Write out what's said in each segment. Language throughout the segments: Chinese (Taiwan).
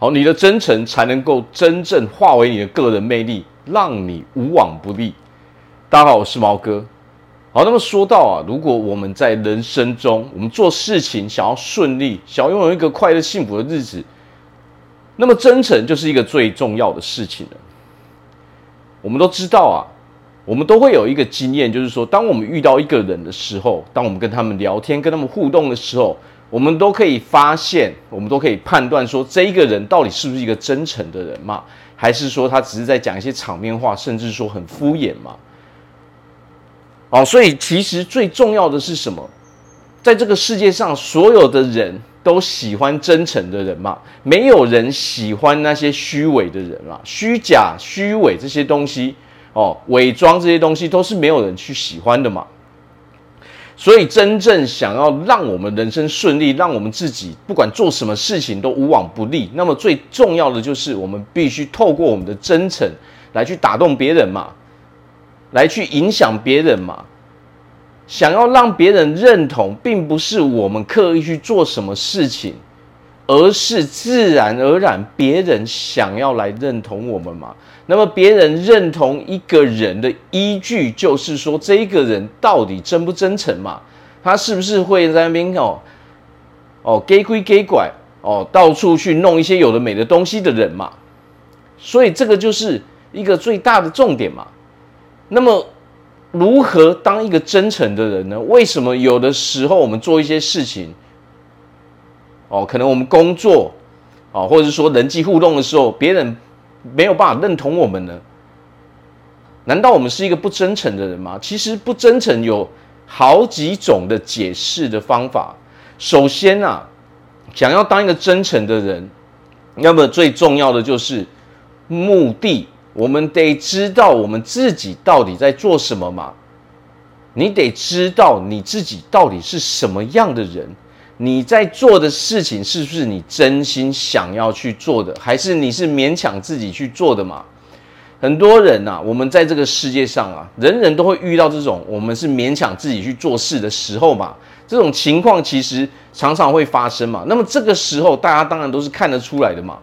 好，你的真誠才能夠真正化為你的個人魅力，讓你無往不利。大家好，我是毛哥。好，那麼說到啊，如果我們在人生中，我們做事情想要順利，想要擁有一個快樂幸福的日子，那麼真誠就是一個最重要的事情了。我們都知道啊，我們都會有一個經驗，就是說，當我們遇到一個人的時候，當我們跟他們聊天、跟他們互動的時候。我們都可以發現，我們都可以判斷說，這一個人到底是不是一個真誠的人嘛？還是說他只是在講一些場面話，甚至說很敷衍嘛？哦，所以其實最重要的是什麼？在這個世界上，所有的人都喜歡真誠的人嘛，沒有人喜歡那些虛偽的人嘛，虛假、虛偽這些東西，哦，偽裝這些東西都是沒有人去喜歡的嘛。所以，真正想要讓我們人生順利，讓我們自己不管做什麼事情都無往不利，那麼最重要的就是我們必須透過我們的真誠來去打動別人嘛，來去影響別人嘛。想要讓別人認同，並不是我們刻意去做什麼事情。而是自然而然，別人想要來認同我們嘛？那麼，別人認同一個人的依據，就是說這一個人到底真不真誠嘛？他是不是會在那邊哦哦，假鬼假怪哦，到處去弄一些有的沒的東西的人嘛？所以，這個就是一個最大的重點嘛。那麼，如何當一個真誠的人呢？為什麼有的時候我們做一些事情？哦，可能我們工作，啊、哦，或者是說人際互動的時候，別人沒有辦法認同我們呢？難道我們是一個不真誠的人嗎？其實不真誠有好幾種的解釋的方法。首先呢、啊，想要當一個真誠的人，那麼最重要的就是目的，我們得知道我們自己到底在做什麼嘛。你得知道你自己到底是什麼樣的人。你在做的事情是不是你真心想要去做的，還是你是勉強自己去做的嘛？很多人吶、啊，我們在這個世界上啊，人人都會遇到這種我們是勉強自己去做事的時候嘛。這種情況其實常常會發生嘛。那麼這個時候，大家當然都是看得出來的嘛。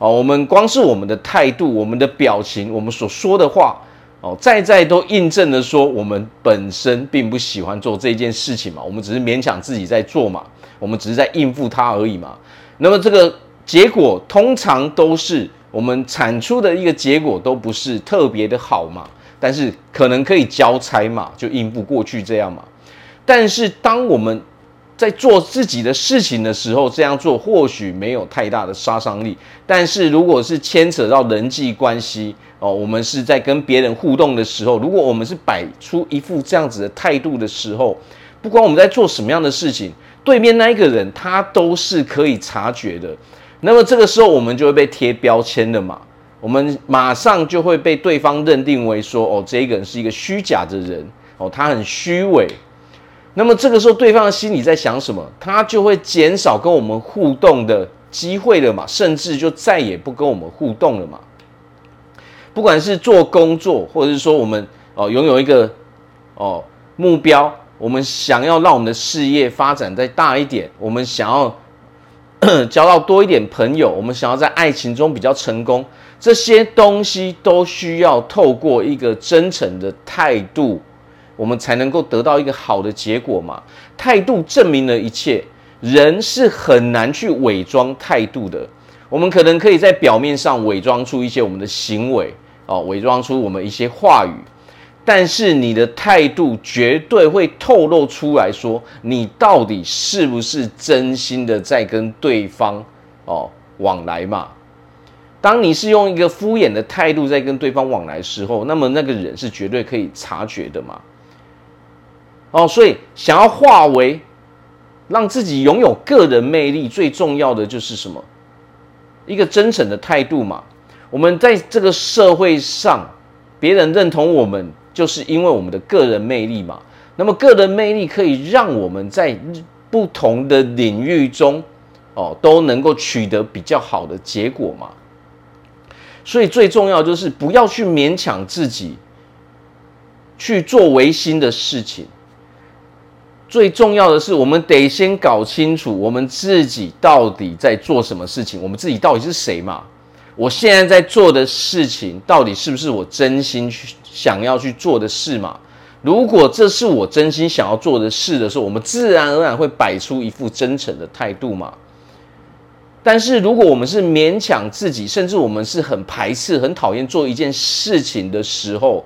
啊，我們光是我們的態度、我們的表情、我們所說的話。哦，在在都印證了說，我們本身並不喜歡做這件事情嘛，我們只是勉強自己在做嘛，我們只是在應付它而已嘛。那麼這個結果通常都是我們產出的一個結果都不是特別的好嘛，但是可能可以交差嘛，就應付過去這樣嘛。但是當我們在做自己的事情的時候，這樣做或許沒有太大的殺傷力。但是，如果是牽扯到人際關係哦，我們是在跟別人互動的時候，如果我們是擺出一副這樣子的態度的時候，不管我們在做什麼樣的事情，對面那一個人他都是可以察覺的。那麼，這個時候我們就會被貼標籤的嘛。我們馬上就會被對方認定為說：“哦，這個人是一個虛假的人，哦，他很虛偽。”那麼這個時候，對方的心裡在想什麼？他就會減少跟我們互動的機會了嘛，甚至就再也不跟我們互動了嘛。不管是做工作，或者是說我們哦、呃、擁有一個哦、呃、目標，我們想要讓我們的事業發展再大一點，我們想要交到多一點朋友，我們想要在愛情中比較成功，這些東西都需要透過一個真誠的態度。我們才能夠得到一個好的結果嘛？態度證明了一切，人是很難去偽裝態度的。我們可能可以在表面上偽裝出一些我們的行為，哦，偽裝出我們一些話語，但是你的態度絕對會透露出來說，你到底是不是真心的在跟對方哦往來嘛？當你是用一個敷衍的態度在跟對方往來的時候，那麼那個人是絕對可以察覺的嘛？哦，所以想要化為讓自己擁有個人魅力，最重要的就是什麼？一個真誠的態度嘛。我們在這個社會上，別人認同我們，就是因為我們的個人魅力嘛。那麼，個人魅力可以讓我們在不同的領域中，哦，都能夠取得比較好的結果嘛。所以，最重要就是不要去勉強自己去做違心的事情。最重要的是，我們得先搞清楚我們自己到底在做什麼事情，我們自己到底是誰嘛？我現在在做的事情，到底是不是我真心去想要去做的事嘛？如果這是我真心想要做的事的時候，我們自然而然會擺出一副真誠的態度嘛。但是如果我們是勉強自己，甚至我們是很排斥、很討厭做一件事情的時候，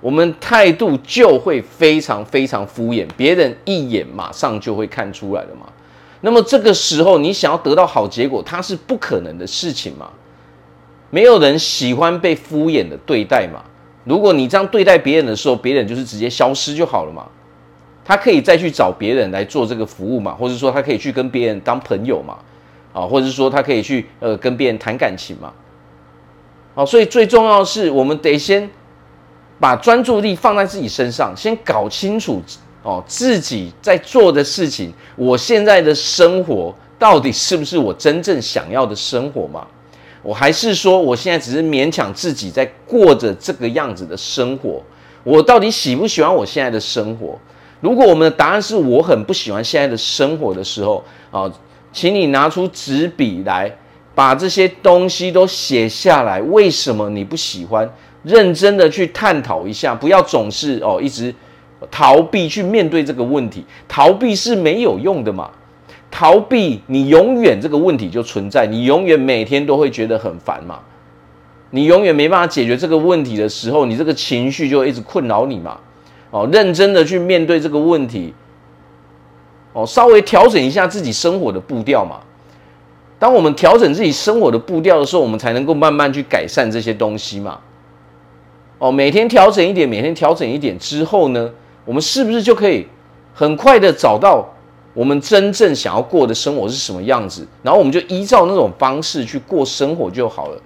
我們態度就會非常非常敷衍，別人一眼馬上就會看出來了嘛。那麼這個時候，你想要得到好結果，它是不可能的事情嘛。沒有人喜歡被敷衍的對待嘛。如果你這樣對待別人的時候，別人就是直接消失就好了嘛。他可以再去找別人來做這個服務嘛，或者說他可以去跟別人當朋友嘛，啊，或者說他可以去呃跟別人談感情嘛。好，所以最重要的是，我們得先把專注力放在自己身上，先搞清楚哦，自己在做的事情，我現在的生活到底是不是我真正想要的生活嗎？我還是說，我現在只是勉強自己在過着這個樣子的生活，我到底喜不喜歡我現在的生活？如果我們的答案是我很不喜歡現在的生活的時候啊，請你拿出紙筆來，把這些東西都寫下來，為什麼你不喜歡？認真的去探討一下，不要總是哦，一直逃避去面對這個問題，逃避是沒有用的嘛。逃避你永遠這個問題就存在，你永遠每天都會覺得很煩嘛。你永遠沒辦法解決這個問題的時候，你這個情緒就一直困擾你嘛。哦，認真的去面對這個問題，哦，稍微調整一下自己生活的步調嘛。當我們調整自己生活的步調的時候，我們才能夠慢慢去改善這些東西嘛。哦，每天調整一點，每天調整一點之後呢，我們是不是就可以很快的找到我們真正想要過的生活是什麼樣子？然後我們就依照那種方式去過生活就好了。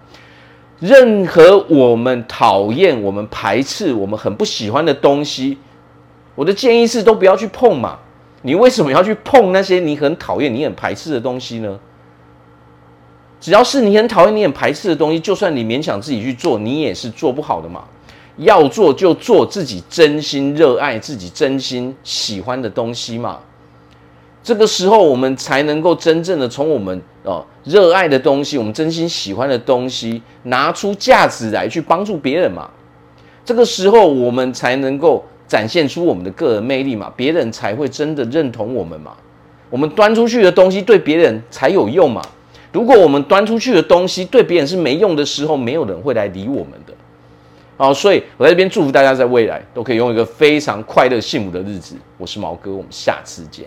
任何我們討厭、我們排斥、我們很不喜歡的東西，我的建議是都不要去碰嘛。你為什麼要去碰那些你很討厭、你很排斥的東西呢？只要是你很討厭、你很排斥的東西，就算你勉強自己去做，你也是做不好的嘛。要做就做自己真心熱愛、自己真心喜歡的東西嘛。這個時候，我們才能夠真正的從我們哦熱愛的東西、我們真心喜歡的東西，拿出價值來去幫助別人嘛。這個時候，我們才能夠展現出我們的個人魅力嘛。別人才會真的認同我們嘛。我們端出去的東西對別人才有用嘛。如果我們端出去的東西對別人是沒用的時候，沒有人會來理我們。好，所以我在這邊祝福大家，在未來都可以擁有一個非常快樂、幸福的日子。我是毛哥，我們下次見。